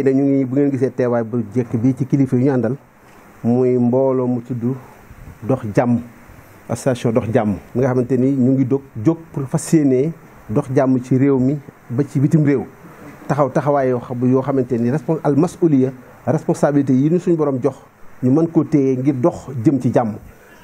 tey ñu ngi bu ngeen gisee teewaay bu jekk bi ci kilifa yu ñu àndal muy mbooloo mu tudd dox jàmm association dox jàmm mi nga xamante ni ñu ngi dog jóg pour fas yéenee dox jàmm ci réew mi ba ci bitim réew taxaw taxawaay yoo xamante ni respons al masuliya responsabilité yi ñu suñu borom jox ñu mën koo téye ngir dox jëm ci jàmm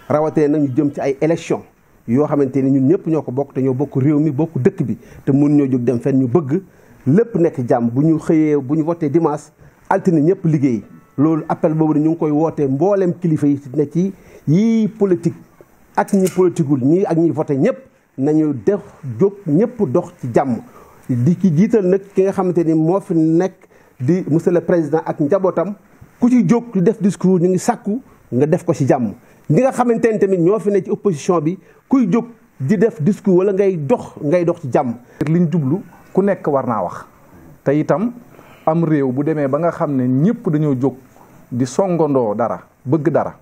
rawatee nañu jëm ci ay élection yoo xamante ni ñun ñëpp ñoo ko bokk te ñoo bokk réew mi bokk dëkk bi te mun ñoo jóg dem fenn ñu bëgg lépp nekk jàmm bu ñu xëyee bu ñu wotee dimanche altine ñëpp liggéey loolu appel boobu ñu ngi koy wootee mbooleem kilifa yi ne ci yii politique ak ñi politiqueul ñii ak ñi voté ñëpp nañu def jóg ñëpp dox ci jàmm di ki jiital nag ki nga xamante ni moo fi nekk di monsieur le président ak njabootam ku ci jóg di def discours ñu ngi sàkku nga def ko ci jàmm ñi nga xamante ni tamit ñoo fi ne ci opposition bi kuy jóg di def discours wala ngay dox ngay dox ci jàmm liñ jublu ku nekk war naa wax te itam am réew bu demee ba nga xam ne ñëpp dañoo jóg di songandoo dara bëgg dara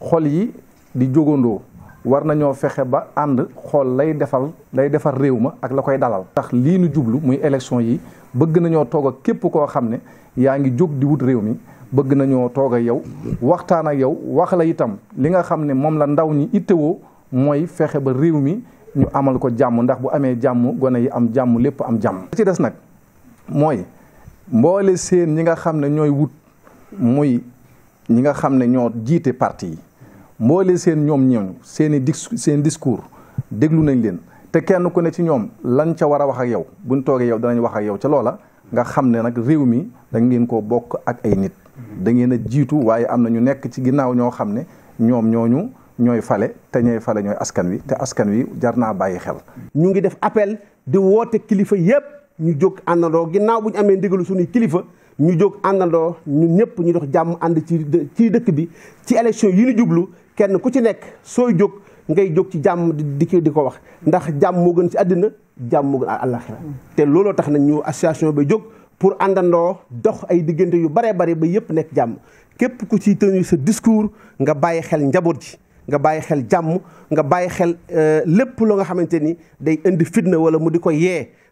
xool yi di jógandoo war nañoo fexe ba ànd xool lay defal lay defar réew ma ak la koy dalal. ndax lii nu jublu muy élection yi bëgg nañoo toog ak képp koo xam ne yaa ngi jóg di wut réew mi bëgg nañoo toog ak yow waxtaan ak yow wax la itam li nga xam ne moom la ndaw ñi ittewoo mooy fexe ba réew mi. ñu amal ko jàmm ndax bu amee jàmm gone yi am jàmm lépp am jàmm ci des nag mooy mboole seen ñi nga xam ne ñooy wut muy ñi nga xam ne ñoo jiite parti yi mboole seen ñoom ñooñu seeni i seen discours déglu nañ leen te kenn ku ne ci ñoom lañ ca war a wax ak yow buñ toogee yow danañ wax ak yow ca loola nga xam ne nag réew mi da ngeen koo bokk ak ay nit da ngeen a jiitu waaye am na ñu nekk ci ginnaaw ñoo xam ne ñoom ñooñu ñooy fale te ñooy fale ñooy askan wi te askan wi jar naa bàyyi xel. ñu ngi def appel di woote kilifa yépp ñu jóg àndandoo ginnaaw bu ñu amee ndigalu suñuy kilifa ñu jóg àndandoo ñu ñëpp ñu dox jàmm ànd ci ci dëkk bi ci élection yi ñu jublu kenn ku ci nekk sooy jóg ngay jóg ci jàmm di di ko wax ndax jàmm moo gën ci àddina jàmm moo gën àllaxira te looloo tax nag ñu association ba jóg pour àndandoo dox ay diggante yu bare bare ba yëpp nekk jàmm képp ku ci tënu sa discours nga bàyyi xel njaboot ji nga bàyyi xel jàmm nga bàyyi xel euh, lépp loo nga xamante ni day indi fitna wala mu di ko yee